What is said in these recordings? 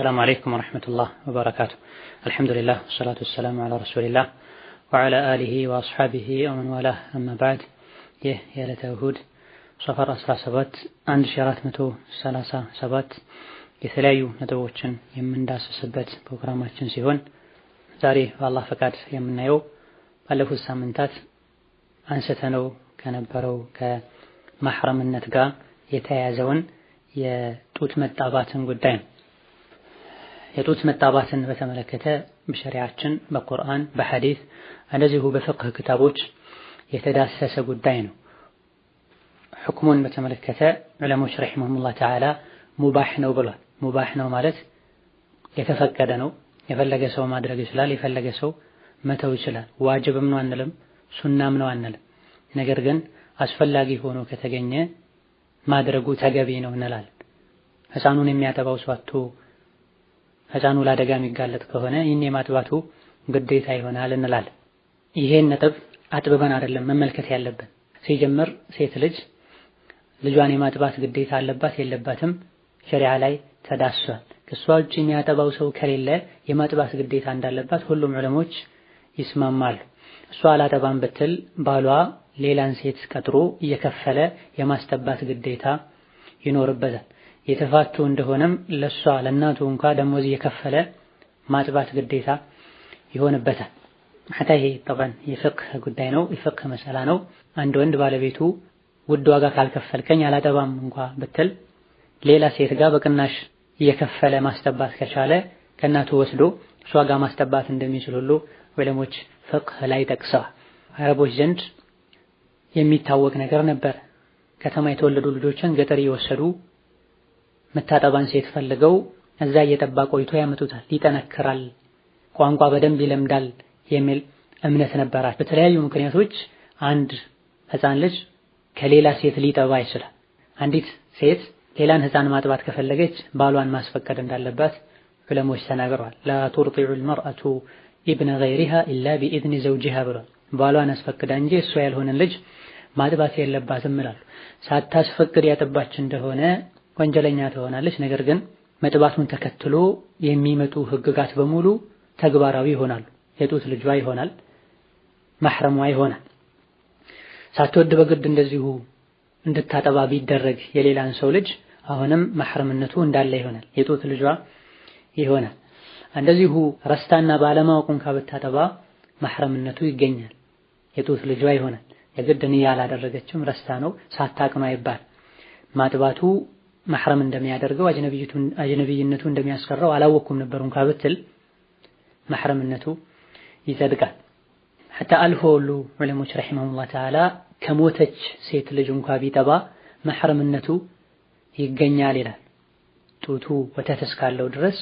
السلام عليكم ورحمة ወበረካቱ وبركاته ወሰላቱ لله والصلاة ረሱሊላህ ወዓላ አሊሂ الله ወመን آله وأصحابه ومن والاه أما بعد ይህ የዕለተ እሁድ ሰፈር 17 1437 የተለያዩ ነጥቦችን የምንዳስስበት ፕሮግራማችን ሲሆን ዛሬ በአላህ ፈቃድ የምናየው ባለፉት ሳምንታት አንስተነው ከነበረው ከማህረምነት ጋር የተያያዘውን የጡት መጣባትን ጉዳይ ነው። የጡት መጣባትን በተመለከተ በሸሪያችን በቁርአን በሐዲስ እንደዚሁ በፍቅህ ክታቦች የተዳሰሰ ጉዳይ ነው። ሕክሙን በተመለከተ ዕለሞች ረሒመሁሙላህ ተዓላ ሙባህ ነው ብሏል። ሙባህ ነው ማለት የተፈቀደ ነው። የፈለገ ሰው ማድረግ ይችላል። የፈለገ ሰው መተው ይችላል። ዋጅብም ነው አንልም፣ ሱናም ነው አንልም። ነገር ግን አስፈላጊ ሆኖ ከተገኘ ማድረጉ ተገቢ ነው እንላለን። ህፃኑን የሚያጠባው ሰው አቶ ህፃኑ ለአደጋ የሚጋለጥ ከሆነ ይህን የማጥባቱ ግዴታ ይሆናል እንላለን። ይሄን ነጥብ አጥብበን አይደለም መመልከት ያለብን። ሲጀምር ሴት ልጅ ልጇን የማጥባት ግዴታ አለባት የለባትም? ሸሪዓ ላይ ተዳስሷል። ከሷ ውጭ የሚያጠባው ሰው ከሌለ የማጥባት ግዴታ እንዳለባት ሁሉም ዑለሞች ይስማማሉ። እሷ አላጠባም ብትል ባሏ ሌላን ሴት ቀጥሮ እየከፈለ የማስጠባት ግዴታ ይኖርበታል። የተፋቱ እንደሆነም ለሷ ለእናቱ እንኳ ደሞዝ እየከፈለ ማጥባት ግዴታ ይሆንበታል። ሐታ ይሄ ጠበን የፍቅህ ጉዳይ ነው፣ የፍቅህ መሰላ ነው። አንድ ወንድ ባለቤቱ ውድ ዋጋ ካልከፈልከኝ አላጠባም እንኳ ብትል ሌላ ሴት ጋር በቅናሽ እየከፈለ ማስጠባት ከቻለ ከእናቱ ወስዶ እሷ ጋር ማስጠባት እንደሚችል ሁሉ ዑለሞች ፍቅህ ላይ ጠቅሰዋል። አረቦች ዘንድ የሚታወቅ ነገር ነበር። ከተማ የተወለዱ ልጆችን ገጠር እየወሰዱ መታጠባን ሴት ፈልገው እዛ እየጠባ ቆይቶ ያመጡታል። ይጠነክራል፣ ቋንቋ በደንብ ይለምዳል የሚል እምነት ነበራቸው። በተለያዩ ምክንያቶች አንድ ህፃን ልጅ ከሌላ ሴት ሊጠባ ይችላል። አንዲት ሴት ሌላን ህፃን ማጥባት ከፈለገች ባሏን ማስፈቀድ እንዳለባት ዑለሞች ተናግረዋል። ላ ቱርጢዑል መርአቱ ኢብነ ገይሪሃ ኢላ ቢኢዝኒ ዘውጂሃ ብሏል። ባሏን አስፈቅዳ እንጂ እሷ ያልሆነን ልጅ ማጥባት የለባትም ይላሉ። ሳታስፈቅድ ያጠባች እንደሆነ ወንጀለኛ ትሆናለች። ነገር ግን መጥባቱን ተከትሎ የሚመጡ ህግጋት በሙሉ ተግባራዊ ይሆናሉ። የጡት ልጇ ይሆናል፣ ማህረሟ ይሆናል። ሳትወድ በግድ እንደዚሁ እንድታጠባ ቢደረግ የሌላን ሰው ልጅ አሁንም ማህረምነቱ እንዳለ ይሆናል፣ የጡት ልጇ ይሆናል። እንደዚሁ ረስታና ባለማወቅ እንኳ ብታጠባ ማህረምነቱ ይገኛል፣ የጡት ልጇ ይሆናል። የግድ ንያ አላደረገችም፣ ረስታ ነው፣ ሳታቅም አይባል ማጥባቱ መሕረም እንደሚያደርገው አጅነብይነቱ እንደሚያስቀረው አላወቅኩም ነበሩን ብትል መሕረምነቱ ይጸድቃል። ሐታ አልፎ ሁሉ ዑለሞች ረሒመሁላህ ተዓላ ከሞተች ሴት ልጅ እንኳ ቢጠባ መሕረምነቱ ይገኛል ይላል። ጡቱ ወተት እስካለው ድረስ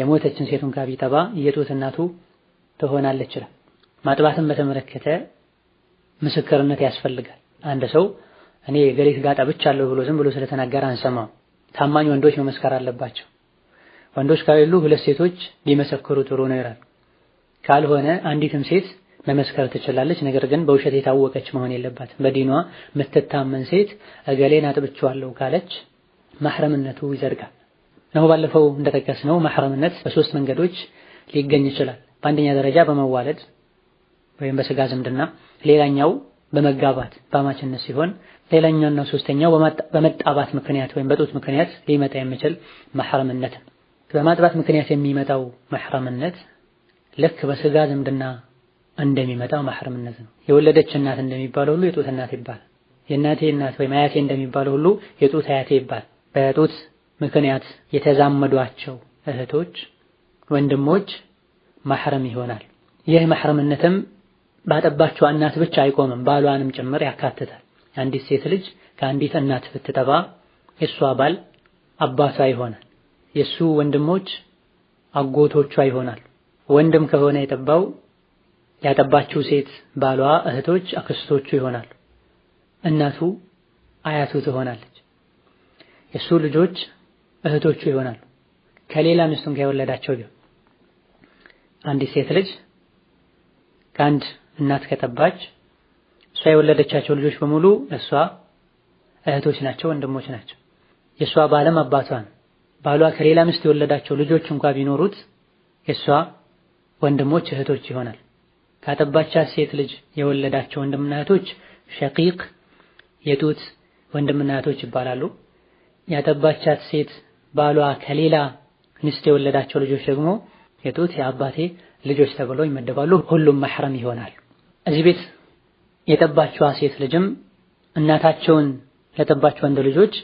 የሞተችን ሴት እንኳ ቢጠባ የጡት እናቱ ትሆናለች ይላል። ማጥባትን በተመለከተ ምስክርነት ያስፈልጋል። አንድ ሰው እኔ ጋጣ ስጋ አለው ብሎ ዝም ብሎ ስለተናገረ አንሰማው። ታማኝ ወንዶች መመስከር አለባቸው። ወንዶች ከሌሉ ሁለት ሴቶች ሊመሰክሩ ጥሩ ነው ይላል። ካልሆነ አንዲትም ሴት መመስከር ትችላለች። ነገር ግን በውሸት የታወቀች መሆን የለባት። በዲኗ የምትታመን ሴት እገሌን አጥብቼዋለሁ ካለች ማህረምነቱ ይዘርጋል። ነው ባለፈው እንደጠቀስነው ማህረምነት በሶስት መንገዶች ሊገኝ ይችላል። በአንደኛ ደረጃ በመዋለድ ወይም በስጋ ዝምድና፣ ሌላኛው በመጋባት በአማችነት ሲሆን ሌላኛውና ሶስተኛው በመጣባት ምክንያት ወይም በጡት ምክንያት ሊመጣ የሚችል መሐረምነት በማጥባት ምክንያት የሚመጣው መሐረምነት ልክ በስጋ ዝምድና እንደሚመጣው መሐረምነት ነው። የወለደች እናት እንደሚባለው ሁሉ የጡት እናት ይባላል። የእናቴ እናት ወይም አያቴ እንደሚባለው ሁሉ የጡት አያቴ ይባላል። በጡት ምክንያት የተዛመዷቸው እህቶች፣ ወንድሞች ማህረም ይሆናል። ይህ ማህረምነትም ። ባጠባቸው እናት ብቻ አይቆምም፣ ባሏንም ጭምር ያካትታል። አንዲት ሴት ልጅ ከአንዲት እናት ብትጠባ የእሷ ባል አባቷ ይሆናል፣ የእሱ ወንድሞች አጎቶቿ ይሆናል። ወንድም ከሆነ የጠባው ያጠባችው ሴት ባሏ እህቶች አክስቶቹ ይሆናሉ። እናቱ አያቱ ትሆናለች። የእሱ ልጆች እህቶቹ ይሆናሉ። ከሌላ ሚስቱን ከወለዳቸው ቢሆን አንዲት ሴት ልጅ ከአንድ እናት ከጠባች እሷ የወለደቻቸው ልጆች በሙሉ እሷ እህቶች ናቸው፣ ወንድሞች ናቸው። የእሷ ባለም አባቷ ነው። ባሏ ከሌላ ሚስት የወለዳቸው ልጆች እንኳ ቢኖሩት የእሷ ወንድሞች እህቶች ይሆናል። ካጠባቻት ሴት ልጅ የወለዳቸው ወንድምና እህቶች ሸቂቅ፣ የጡት ወንድምና እህቶች ይባላሉ። ያጠባቻት ሴት ባሏ ከሌላ ሚስት የወለዳቸው ልጆች ደግሞ የጡት የአባቴ ልጆች ተብሎ ይመደባሉ። ሁሉም መሕረም ይሆናል። እዚህ ቤት የጠባችዋ ሴት ልጅም እናታቸውን ለጠባቸው ወንድ ልጆች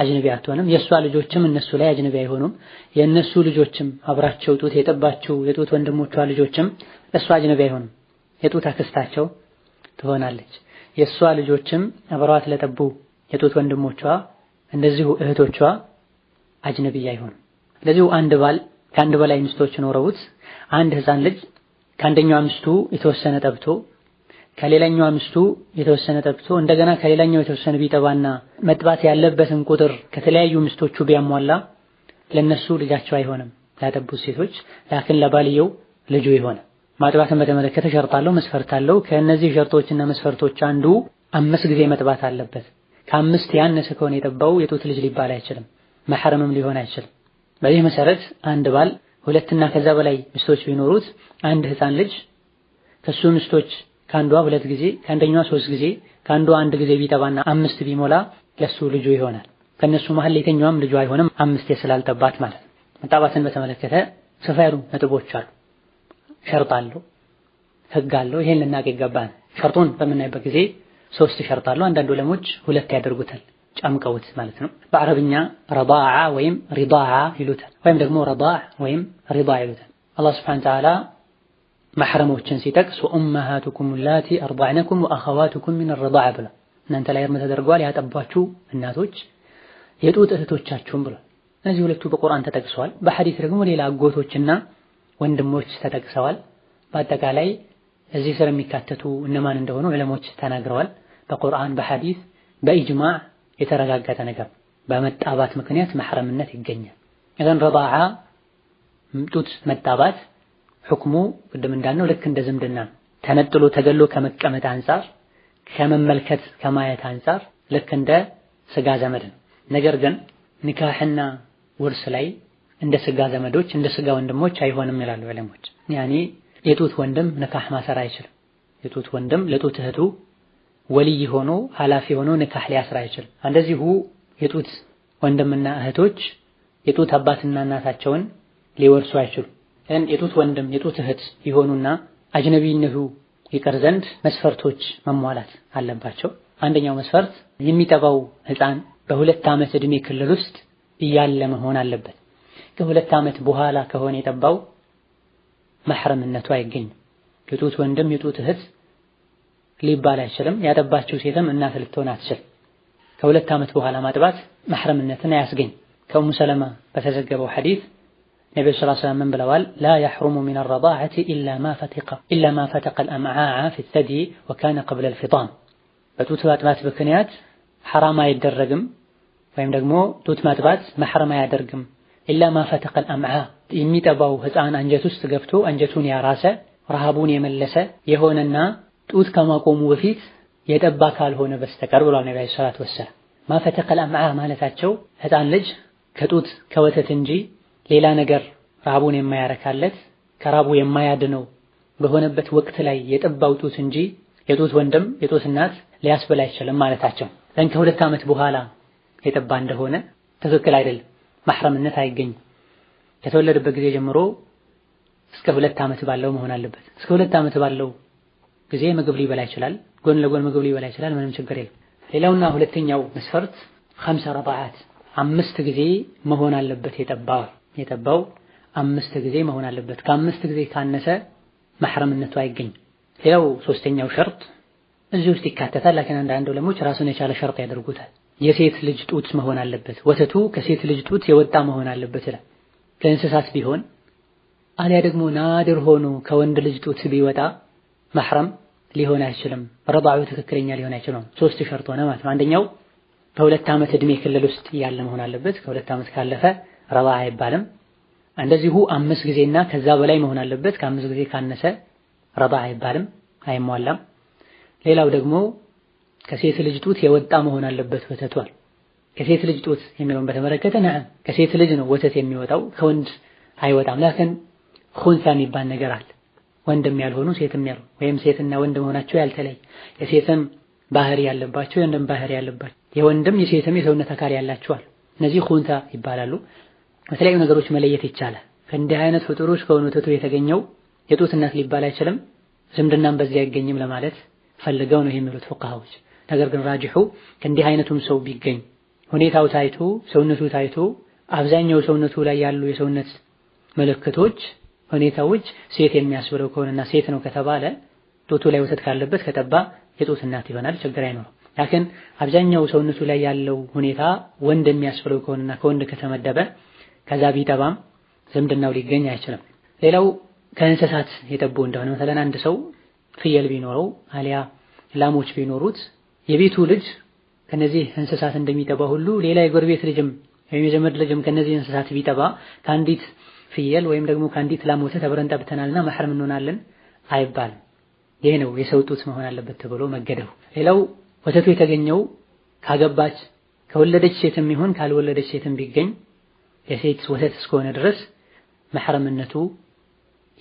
አጅነቢ አትሆንም። የእሷ ልጆችም እነሱ ላይ አጅነቢ አይሆኑም። የእነሱ ልጆችም አብራቸው ጡት የጠባችው የጡት ወንድሞቿ ልጆችም እሷ አጅነቢ አይሆኑም። የጡት አክስታቸው ትሆናለች። የእሷ ልጆችም አብረዋት ለጠቡ የጡት ወንድሞቿ እንደዚሁ እህቶቿ አጅነቢ አይሆኑም። ለዚሁ አንድ ባል ከአንድ በላይ ሚስቶች ኖረውት አንድ ህፃን ልጅ ከአንደኛው አምስቱ የተወሰነ ጠብቶ ከሌላኛው አምስቱ የተወሰነ ጠብቶ እንደገና ከሌላኛው የተወሰነ ቢጠባና መጥባት ያለበትን ቁጥር ከተለያዩ ምስቶቹ ቢያሟላ ለነሱ ልጃቸው አይሆንም፣ ላጠቡት ሴቶች ላክን ለባልየው ልጁ ይሆነ። ማጥባትን በተመለከተ ሸርጥ አለው፣ መስፈርት አለው። ከእነዚህ ሸርጦችና መስፈርቶች አንዱ አምስት ጊዜ መጥባት አለበት። ከአምስት ያነሰ ከሆነ የጠባው የጡት ልጅ ሊባል አይችልም፣ መሐረምም ሊሆን አይችልም። በዚህ መሰረት አንድ ባል ሁለትና ከዛ በላይ ሚስቶች ቢኖሩት አንድ ህፃን ልጅ ከሱ ሚስቶች ከአንዷ ሁለት ጊዜ ከአንደኛዋ ሶስት ጊዜ ከአንዷ አንድ ጊዜ ቢጠባና አምስት ቢሞላ ለሱ ልጁ ይሆናል። ከነሱ መሀል የተኛዋም ልጁ አይሆንም አምስቴ ስላልጠባት ማለት ነው። መጣባትን በተመለከተ ሰፋ ያሉ ነጥቦች አሉ። ሸርጥ አለው፣ ህግ አለው። ይሄን ልናቅ ይገባል። ሸርጡን በምናይበት ጊዜ ሶስት ሸርጥ አለው። አንዳንድ ዑለሞች ሁለት ያደርጉታል። ጨምቀውት ማለት ነው። በአረብኛ ረዳዓ ወይም ሪዳዓ ይሉታል፣ ወይም ደግሞ ረዳዕ ወይም ሪዳ ይሉታል። አላህ ሱብሓነሁ ወተዓላ መሕረሞችን ሲጠቅስ ወኡመሃቱኩም ላቲ አርዳዕነኩም ወአኸዋቱኩም ሚን ረዳዓ ብላ እናንተ ላይ እርም ተደርጓል ያጠቧችሁ እናቶች የጡት እህቶቻችሁም ብሏል። እነዚህ ሁለቱ በቁርአን ተጠቅሰዋል። በሐዲስ ደግሞ ሌላ አጎቶችና ወንድሞች ተጠቅሰዋል። በአጠቃላይ እዚህ ስር የሚካተቱ እነማን እንደሆኑ ዕለሞች ተናግረዋል። በቁርአን በሐዲስ በኢጅማዕ የተረጋገጠ ነገር በመጣባት ምክንያት መሐረምነት ይገኛል። እዘን ረዳዓ ጡት መጣባት ሁክሙ ቅድም እንዳልነው ልክ እንደ ዝምድና ተነጥሎ ተገሎ ከመቀመጥ አንጻር ከመመልከት ከማየት አንጻር ልክ እንደ ስጋ ዘመድ ነው። ነገር ግን ኒካህና ውርስ ላይ እንደ ስጋ ዘመዶች እንደ ስጋ ወንድሞች አይሆንም ይላሉ ዑለሞች። ያኔ የጡት ወንድም ንካህ ማሰር አይችልም። የጡት ወንድም ለጡት እህቱ ወልይ ሆኖ ኃላፊ ሆኖ ንካህ ሊያስር አይችልም። እንደዚሁ የጡት ወንድምና እህቶች የጡት አባትና እናታቸውን ሊወርሱ አይችሉም። የጡት ወንድም የጡት እህት ይሆኑና አጅነቢነቱ ይቀር ዘንድ መስፈርቶች መሟላት አለባቸው። አንደኛው መስፈርት የሚጠባው ህፃን በሁለት ዓመት ዕድሜ ክልል ውስጥ እያለ መሆን አለበት። ከሁለት ዓመት በኋላ ከሆነ የጠባው መሕረምነቱ አይገኝም። የጡት ወንድም የጡት እህት ሊባል አይችልም። ያጠባችው ሴትም እናት ልትሆን አትችልም። ከሁለት ዓመት በኋላ ማጥባት መሕረምነትን አያስገኝ። ከኡሙ ሰለማ በተዘገበው ሐዲስ ነብዩ ሰለላሁ ዐለይሂ ወሰለም ምን ብለዋል? ላ የሕሩሙ ሚነ ረዳዐቲ ኢላ ማ ፈተቀ አልአምዓዐ ፊሰዲ ወካነ ቀብለ አልፊጣም። በጡት ማጥባት ምክንያት ሐራም አይደረግም ወይም ደግሞ ጡት ማጥባት መሕረም አያደርግም። ኢላ ማ ፈተቀ አልአምዓዐ የሚጠባው ሕፃን አንጀት ውስጥ ገብቶ አንጀቱን ያራሰ ረሃቡን የመለሰ የሆነና ጡት ከማቆሙ በፊት የጠባ ካልሆነ በስተቀር ብሏል ነብዩ ሰለላሁ ዐለይሂ ወሰለም። አምዓ ማለታቸው ህፃን ልጅ ከጡት ከወተት እንጂ ሌላ ነገር ራቡን የማያረካለት ከራቡ የማያድነው በሆነበት ወቅት ላይ የጠባው ጡት እንጂ የጡት ወንድም የጡት እናት ሊያስበላ አይችልም ማለታቸው። ለን ከሁለት ዓመት በኋላ የጠባ እንደሆነ ትክክል አይደለም፣ ማህረምነት አይገኝም። ከተወለደበት ጊዜ ጀምሮ እስከ ሁለት ዓመት ባለው መሆን አለበት። እስከ ሁለት ዓመት ባለው ጊዜ ምግብ ሊበላ ይችላል። ጎን ለጎን ምግብ ሊበላ ይችላል። ምንም ችግር የለም። ሌላውና ሁለተኛው መስፈርት ኸምሰ ረባዓት አምስት ጊዜ መሆን አለበት። የጠባው የጠባው አምስት ጊዜ መሆን አለበት። ከአምስት ጊዜ ካነሰ ማህረምነቱ አይገኝ። ሌላው ሶስተኛው ሸርጥ እዚህ ውስጥ ይካተታል። ላኪን አንዳንድ ዑለሞች ራሱን የቻለ ሸርጥ ያደርጉታል። የሴት ልጅ ጡት መሆን አለበት፣ ወተቱ ከሴት ልጅ ጡት የወጣ መሆን አለበት ይላል። ከእንስሳት ቢሆን አሊያ ደግሞ ናድር ሆኖ ከወንድ ልጅ ጡት ቢወጣ መሕረም ሊሆን አይችልም። ረዳዑ ትክክለኛ ሊሆን አይችልም። ሶስት ሸርጥ ሆነ ማለት ነው። አንደኛው በሁለት ዓመት እድሜ ክልል ውስጥ ያለ መሆን አለበት። ከሁለት ዓመት ካለፈ ረዳዕ አይባልም። እንደዚሁ አምስት ጊዜና ከዛ በላይ መሆን አለበት። ከአምስት ጊዜ ካነሰ ረዳዕ አይባልም፣ አይሟላም። ሌላው ደግሞ ከሴት ልጅ ጡት የወጣ መሆን አለበት ወተቷል። ከሴት ልጅ ጡት የሚለውን በተመለከተ ከሴት ልጅ ነው ወተት የሚወጣው ከወንድ አይወጣም። ላክን ኹንሳ የሚባል ነገር አለ ወንድም ያልሆኑ ሴትም ያልሆኑ ወይም ሴትና ወንድ መሆናቸው ያልተለየ የሴትም ባህሪ ያለባቸው የወንድም ባህሪ ያለባቸው የወንድም የሴትም የሰውነት አካል ያላቸዋል። እነዚህ ሁንታ ይባላሉ። በተለያዩ ነገሮች መለየት ይቻላል። ከእንዲህ አይነት ፍጡሮች ከሆኑ የተገኘው የጡት እናት ሊባል አይችልም፣ ዝምድናም በዚህ አይገኝም ለማለት ፈልገው ነው የሚሉት ፉካሃዎች። ነገር ግን ራጅሑ ከእንዲህ አይነቱም ሰው ቢገኝ ሁኔታው ታይቶ ሰውነቱ ታይቶ አብዛኛው ሰውነቱ ላይ ያሉ የሰውነት ምልክቶች ሁኔታዎች ሴት የሚያስብለው ከሆነና ሴት ነው ከተባለ ጡቱ ላይ ወተት ካለበት ከጠባ የጡት እናት ይሆናል፣ ችግር አይኖርም። ላኪን አብዛኛው ሰውነቱ ላይ ያለው ሁኔታ ወንድ የሚያስብለው ከሆነና ከወንድ ከተመደበ ከዛ ቢጠባም ዝምድናው ሊገኝ አይችልም። ሌላው ከእንስሳት የጠቡ እንደሆነ መተለን አንድ ሰው ፍየል ቢኖረው አሊያ ላሞች ቢኖሩት የቤቱ ልጅ ከነዚህ እንስሳት እንደሚጠባ ሁሉ ሌላ የጎረቤት ልጅም ወይም የዘመድ ልጅም ከነዚህ እንስሳት ቢጠባ ከአንዲት ፍየል ወይም ደግሞ ከአንዲት ላም ወተት አብረን ጠብተናልና መሐረም እንሆናለን አይባልም። ይሄ ነው የሰው ጡት መሆን አለበት ተብሎ መገደቡ። ሌላው ወተቱ የተገኘው ካገባች ከወለደች ሴትም ይሁን ካልወለደች ሴትም ቢገኝ የሴት ወተት እስከሆነ ድረስ መሐረምነቱ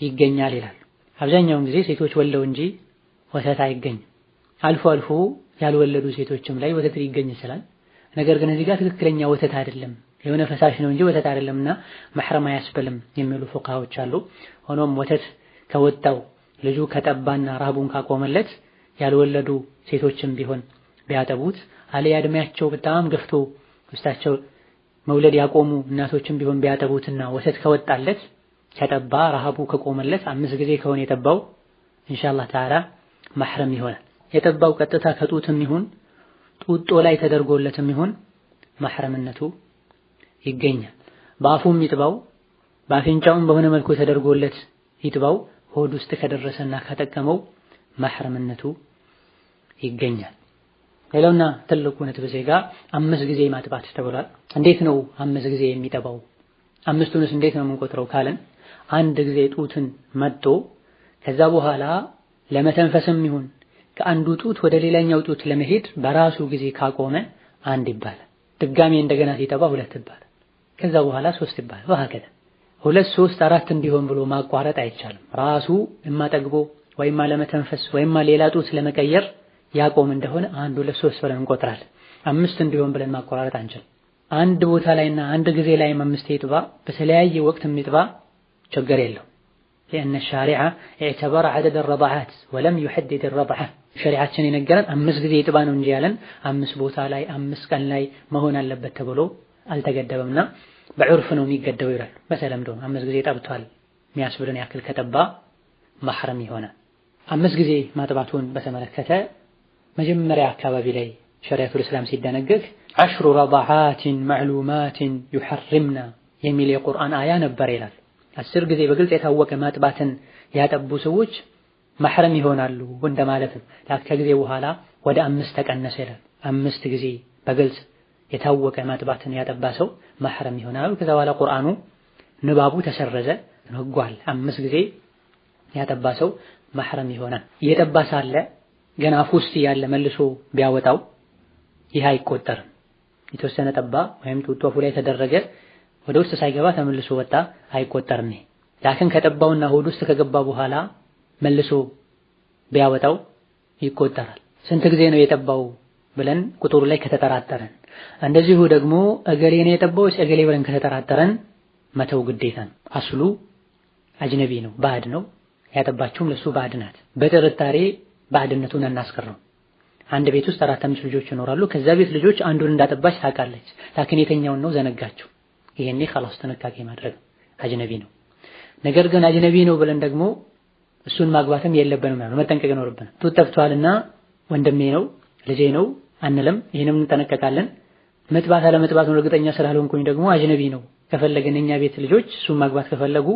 ይገኛል ይላል። አብዛኛውን ጊዜ ሴቶች ወልደው እንጂ ወተት አይገኝም። አልፎ አልፎ ያልወለዱ ሴቶችም ላይ ወተት ሊገኝ ይችላል። ነገር ግን እዚህ ጋር ትክክለኛ ወተት አይደለም የሆነ ፈሳሽ ነው እንጂ ወተት አይደለምና መሕረም አያስበልም የሚሉ ፉቃዎች አሉ። ሆኖም ወተት ከወጣው ልጁ ከጠባና ረሃቡን ካቆመለት ያልወለዱ ሴቶችም ቢሆን ቢያጠቡት አለያ እድሜያቸው በጣም ገፍቶ ውስጣቸው መውለድ ያቆሙ እናቶችም ቢሆን ቢያጠቡትና ወተት ከወጣለት ከጠባ ረሃቡ ከቆመለት አምስት ጊዜ ከሆነ የጠባው ኢንሻአላህ ተዓላ ማህረም ይሆናል። የጠባው ቀጥታ ከጡትም ይሁን ጡጦ ላይ ተደርጎለትም ይሁን ማህረምነቱ። ይገኛል። በአፉም ይጥባው በአፍንጫውም በሆነ መልኩ ተደርጎለት ይጥባው ሆድ ውስጥ ከደረሰና ከጠቀመው መህረምነቱ ይገኛል። ሌላውና ትልቁ ነጥብ እዚህ ጋር አምስት ጊዜ ማጥባት ተብሏል። እንዴት ነው አምስት ጊዜ የሚጠባው? አምስቱንስ እንዴት ነው የምንቆጥረው ካለን አንድ ጊዜ ጡትን መጥቶ ከዛ በኋላ ለመተንፈስም ይሁን ከአንዱ ጡት ወደ ሌላኛው ጡት ለመሄድ በራሱ ጊዜ ካቆመ አንድ ይባላል። ድጋሜ እንደገና ሲጠባ ሁለት ይባላል። ከዛ በኋላ ሶስት ይባላል። ወሃከደ ሁለት ሶስት አራት እንዲሆን ብሎ ማቋረጥ አይቻልም። ራሱ የማጠግቦ ወይማ ለመተንፈስ ወይማ ሌላ ጡት ለመቀየር ያቆም እንደሆነ አንድ ሁለት ሶስት ብለን እንቆጥራለን። አምስት እንዲሆን ብለን ማቋረጥ አንችልም። አንድ ቦታ ላይና አንድ ጊዜ ላይ አምስት ይጥባ በተለያየ ወቅት የሚጥባ ችግር የለው لأن الشارع اعتبر عدد الرضعات ولم يحدد الرضعة ሸሪዓችን የነገረን አምስት ጊዜ ይጥባ ነው እንጂ ያለን አምስት ቦታ ላይ አምስት ቀን ላይ መሆን አለበት ተብሎ አልተገደበምና በዑርፍ ነው የሚገደበው ይላል። በተለምዶ አምስት ጊዜ ጠብቷል የሚያስብልን ያክል ከጠባ ማህረም ይሆናል። አምስት ጊዜ ማጥባቱን በተመለከተ መጀመሪያ አካባቢ ላይ ሸሪዓቱል እስላም ሲደነግግ አሽሩ ረባሃቲን ማዕሉማትን ዩሐርምና የሚል የቁርአን አያ ነበር ይላል። አስር ጊዜ በግልጽ የታወቀ ማጥባትን ያጠቡ ሰዎች ማህረም ይሆናሉ እንደማለት ነው። ከጊዜ በኋላ ወደ አምስት ተቀነሰ ይላል። አምስት ጊዜ በግልጽ የታወቀ ማጥባትን ያጠባ ሰው ማህረም ይሆናል። ከዛ በኋላ ቁርአኑ ንባቡ ተሰረዘ። ነጓል አምስት ጊዜ ያጠባ ሰው ማህረም ይሆናል። እየጠባ ሳለ ገና አፉ ውስጥ ያለ መልሶ ቢያወጣው ይህ አይቆጠርም። የተወሰነ ጠባ ወይም ጡጦ አፉ ላይ ተደረገ፣ ወደ ውስጥ ሳይገባ ተመልሶ ወጣ፣ አይቆጠርም። ላክን ከጠባውና ሆድ ውስጥ ከገባ በኋላ መልሶ ቢያወጣው ይቆጠራል። ስንት ጊዜ ነው የጠባው ብለን ቁጥሩ ላይ ከተጠራጠረን እንደዚሁ ደግሞ እገሌ ነው የጠባዎች እገሌ ብለን ከተጠራጠረን መተው ግዴታ ነው። አስሉ አጅነቢ ነው፣ ባዕድ ነው። ያጠባችሁም ለሱ ባዕድ ናት። በጥርጣሬ ባዕድነቱን እናስቀረው። አንድ ቤት ውስጥ አራት አምስት ልጆች ይኖራሉ። ከዛ ቤት ልጆች አንዱን እንዳጠባች ታውቃለች፣ ላኪን የተኛውን ነው ዘነጋቸው ይሄኔ ኸላስ ጥንቃቄ ማድረግ አጅነቢ ነው። ነገር ግን አጅነቢ ነው ብለን ደግሞ እሱን ማግባትም የለብንም፣ መጠንቀቅ ይኖርብናል። ጡት ጠፍቷልና ወንድሜ ነው ልጄ ነው አንለም። ይህንም እንጠነቀቃለን። መጥባት አለመጥባት እርግጠኛ ስላልሆንኩኝ ደግሞ አጅነቢ ነው። ከፈለገን እኛ ቤት ልጆች እሱን ማግባት ከፈለጉ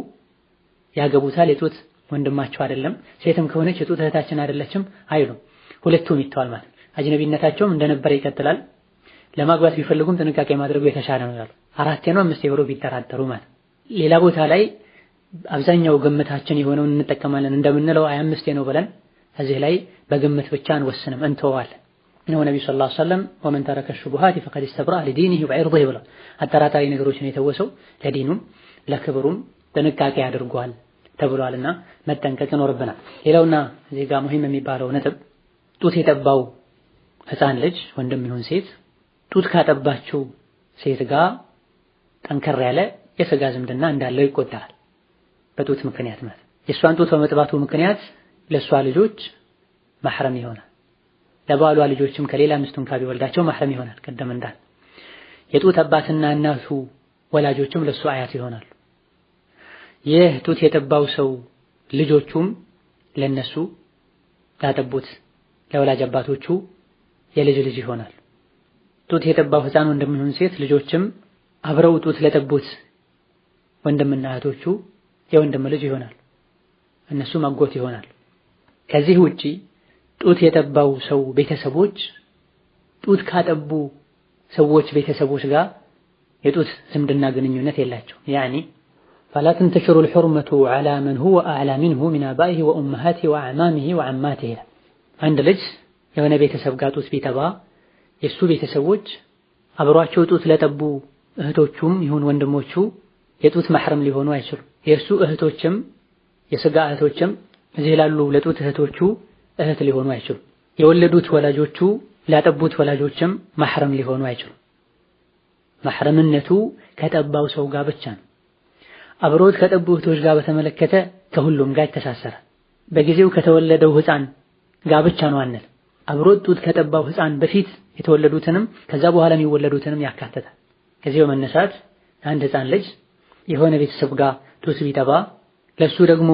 ያገቡታል። የጡት ወንድማቸው አይደለም፣ ሴትም ከሆነች የጡት እህታችን አይደለችም አይሉም። ሁለቱም ይተዋል ማለት አጅነቢነታቸውም እንደነበረ ይቀጥላል። ለማግባት ቢፈልጉም ጥንቃቄ ማድረጉ የተሻለ ነው ያሉ አራቴ ነው አምስቴ ብሎ ቢጠራጠሩ ማለት ሌላ ቦታ ላይ አብዛኛው ግምታችን የሆነውን እንጠቀማለን እንደምንለው አይ አምስቴ ነው ብለን እዚህ ላይ በግምት ብቻ አንወስንም እንተዋለን። እነሆ ነቢ ስ ላ ሰለም ወመን ተረከ ሹቡሃት ፈቀድ ስተብራ ለዲኒህ ወዒርዲህ ብሏል። አጠራጣሪ ነገሮችን የተወሰው ለዲኑም ለክብሩም ጥንቃቄ አድርጓል ተብሏልና መጠንቀቅ ይኖርብናል። ሌላውና እዚህ ጋር ሙሂም የሚባለው ነጥብ ጡት የጠባው ህፃን ልጅ ወንድም ይሁን ሴት ጡት ካጠባችው ሴት ጋር ጠንከር ያለ የስጋ ዝምድና እንዳለው ይቆጠራል። በጡት ምክንያት ማለት የእሷን ጡት በመጥባቱ ምክንያት ለእሷ ልጆች ማህረም ይሆናል። ለባሏ ልጆችም ከሌላ ሚስቱን ካቢወልዳቸው ማህረም ይሆናል። ቀደም እንዳል የጡት አባትና እናቱ ወላጆችም ለሱ አያት ይሆናሉ። ይህ ጡት የጠባው ሰው ልጆቹም ለነሱ ላጠቡት ለወላጅ አባቶቹ የልጅ ልጅ ይሆናል። ጡት የጠባው ህፃን ወንድሚሆን ሴት ልጆችም አብረው ጡት ለጠቡት ወንድምና እህቶቹ የወንድም ልጅ ይሆናል። እነሱም አጎት ይሆናል። ከዚህ ውጪ ጡት የጠባው ሰው ቤተሰቦች ጡት ካጠቡ ሰዎች ቤተሰቦች ጋር የጡት ዝምድና ግንኙነት የላቸው። ያኒ ፈላ ተንተሽሩ الحرمة على من هو أعلى منه من آبائه وأمهاته وأعمامه وعماته አንድ ልጅ የሆነ ቤተሰብ ጋር ጡት ቢጠባ የሱ ቤተሰቦች አብሯቸው ጡት ለጠቡ እህቶቹም ይሁን ወንድሞቹ የጡት ማህረም ሊሆኑ አይችሉም። የሱ እህቶችም የስጋ እህቶችም እዚህ ላሉ ለጡት እህቶቹ እህት ሊሆኑ አይችሉም። የወለዱት ወላጆቹ ላጠቡት ወላጆችም ማህረም ሊሆኑ አይችሉም። ማህረምነቱ ከጠባው ሰው ጋር ብቻ ነው። አብሮት ከጠቡ እህቶች ጋር በተመለከተ ከሁሉም ጋር ይተሳሰረ። በጊዜው ከተወለደው ህፃን ጋር ብቻ ነው አንል። አብሮት ጡት ከጠባው ህፃን በፊት የተወለዱትንም ከዛ በኋላ የሚወለዱትንም ያካተታል። ከዚህ በመነሳት አንድ ህፃን ልጅ የሆነ ቤተሰብ ጋር ጡት ቢጠባ ለሱ ደግሞ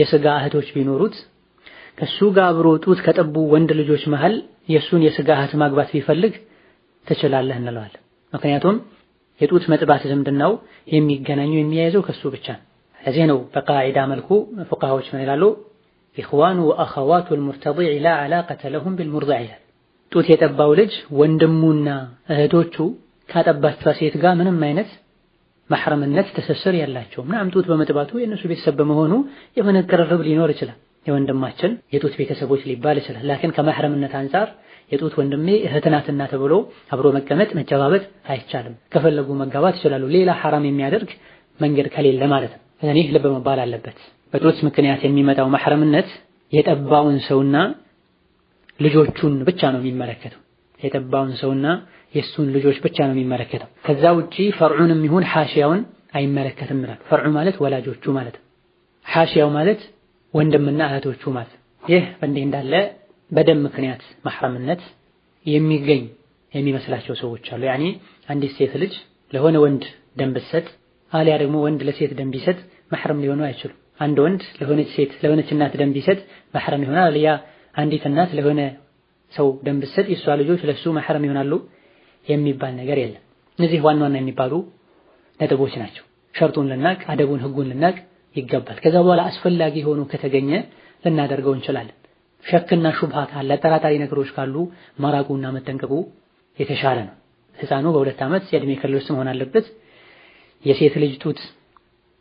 የስጋ እህቶች ቢኖሩት ከሱ ጋር አብሮ ጡት ከጠቡ ወንድ ልጆች መሃል የሱን የስጋ እህት ማግባት ቢፈልግ ትችላለህ እንለዋለን። ምክንያቱም የጡት መጥባት ዝምድናው የሚገናኙ የሚያይዘው ከሱ ብቻ ነው። ለዚህ ነው በቃዒዳ መልኩ ፉቃሃዎች ምን ይላሉ? ኢኽዋኑ ወአኸዋቱ አልሙርተዲዕ ላ ዓላቀተ ለሁም ቢልሙርዲዕ ይላል። ጡት የጠባው ልጅ ወንድሙና እህቶቹ ካጠባችዋ ሴት ጋር ምንም አይነት ማሕረምነት ትስስር ያላቸው ምናምን ጡት በመጥባቱ የእነሱ ቤተሰብ በመሆኑ የሆነ ቅርርብ ሊኖር ይችላል። የወንድማችን የጡት ቤተሰቦች ሊባል ይችላል። ላኪን ከማህረምነት አንጻር የጡት ወንድሜ እህትናትና ተብሎ አብሮ መቀመጥ መጨባበጥ አይቻልም። ከፈለጉ መጋባት ይችላሉ፣ ሌላ ሐራም የሚያደርግ መንገድ ከሌለ ማለት ነው። እኔ ልብ መባል አለበት። በጡት ምክንያት የሚመጣው ማህረምነት የጠባውን ሰውና ልጆቹን ብቻ ነው የሚመለከተው። የጠባውን ሰውና የሱን ልጆች ብቻ ነው የሚመለከተው። ከዛ ውጪ ፈርዑንም ይሁን ሐሽያውን አይመለከትም ይላል። ፈርዑ ማለት ወላጆቹ ማለት ነው። ማለት ወንድምና እህቶቹ ማለት ይህ በእንዲህ እንዳለ በደም ምክንያት ማህረምነት የሚገኝ የሚመስላቸው ሰዎች አሉ። ያኔ አንዲት ሴት ልጅ ለሆነ ወንድ ደም ብትሰጥ አሊያ ደግሞ ወንድ ለሴት ደም ቢሰጥ ማህረም ሊሆኑ አይችሉም። አንድ ወንድ ለሆነች ሴት ለሆነች እናት ደም ቢሰጥ ማህረም ይሆናል። አሊያ አንዲት እናት ለሆነ ሰው ደም ብትሰጥ የሷ ልጆች ለሱ ማህረም ይሆናሉ የሚባል ነገር የለም። እነዚህ ዋና ዋና የሚባሉ ነጥቦች ናቸው። ሸርጡን ልናቅ፣ አደቡን፣ ህጉን ልናቅ ይገባል። ከዛ በኋላ አስፈላጊ ሆኖ ከተገኘ ልናደርገው እንችላለን። ሸክና ሹብሃ ካለ አጠራጣሪ ነገሮች ካሉ መራቁና መጠንቀቁ የተሻለ ነው። ህፃኑ በሁለት ዓመት የእድሜ ክልል ውስጥ መሆን አለበት። የሴት ልጅ ጡት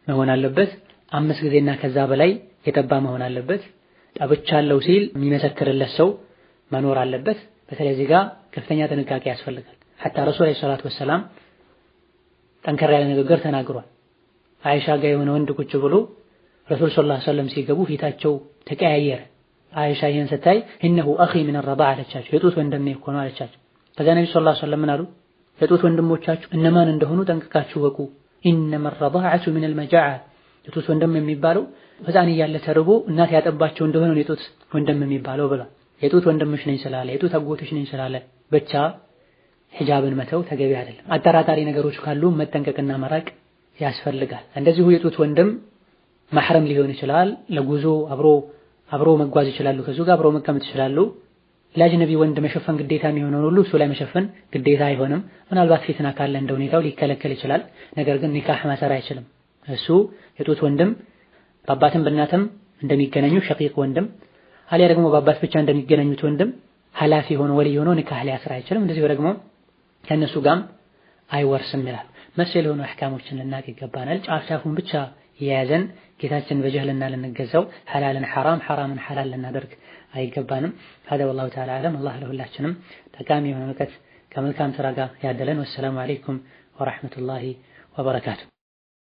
መሆን አለበት። አምስት ጊዜና ከዛ በላይ የጠባ መሆን አለበት። ጠብቻለሁ ሲል የሚመሰክርለት ሰው መኖር አለበት። በተለይ እዚህ ጋር ከፍተኛ ጥንቃቄ ያስፈልጋል። ሐታ ረሱል ሰለላሁ ዐለይሂ ወሰለም ጠንከር ያለ ንግግር ተናግሯል። አይሻ ጋር የሆነ ወንድ ቁጭ ብሎ ረሱል ሰለላሁ ዐለይሂ ወሰለም ሲገቡ ፊታቸው ተቀያየረ። አይሻ ይህን ስታይ እነሁ አኺ ሚን ረዳዕ አለቻቸው። የጡት ወንድሜ እኮ ነው አለቻቸው። ከዛ ነቢ ሰለላሁ ዐለይሂ ወሰለም ምን አሉ? የጡት ወንድሞቻችሁ እነማን እንደሆኑ ጠንቅቃችሁ ወቁ። ኢነመ ረዳዐቱ ሚነል አልመጃዓ። የጡት ወንድም የሚባለው ሕፃን እያለ ተርቦ እናት ያጠባቸው እንደሆነ ነው የጡት ወንድም የሚባለው ብሏል። የጡት ወንድምሽ ነኝ ስላለ የጡት አጎትሽ ነኝ ስላለ ብቻ ሒጃብን መተው ተገቢ አይደለም። አጠራጣሪ ነገሮች ካሉ መጠንቀቅና መራቅ ያስፈልጋል። እንደዚሁ የጡት ወንድም ማህረም ሊሆን ይችላል። ለጉዞ አብሮ አብሮ መጓዝ ይችላሉ። ከሱ ጋር አብሮ መቀመጥ ይችላሉ። ለአጅነቢ ወንድ መሸፈን ግዴታ የሚሆነውን ሁሉ እሱ ላይ መሸፈን ግዴታ አይሆንም። ምናልባት ፊትና ካለ እንደ ሁኔታው ሊከለከል ይችላል። ነገር ግን ኒካህ ማሰር አይችልም። እሱ የጡት ወንድም በአባትም በእናትም እንደሚገናኙ ሸቂቅ ወንድም አሊያ ደግሞ በአባት ብቻ እንደሚገናኙት ወንድም ኃላፊ ሆኖ ወልይ ሆኖ ኒካህ ሊያስር አይችልም። እንደዚሁ ደግሞ ከእነሱ ጋርም አይወርስም ይላል። መሰል የሆኑ አህካሞችን ልናቅ ይገባናል። ጫፍ ጫፉን ብቻ የያዘን ጌታችን በጀህልና ልንገዛው ሐላልን ሐራም ሐራምን ሐላል ልናደርግ አይገባንም። ሀደ ወላሁ ተዓላ አለም። አላህ ለሁላችንም ጠቃሚ የሆነ እውቀት ከመልካም ስራ ጋር ያደለን። ወሰላሙ አለይኩም ወራህመቱላሂ ወበረካቱ።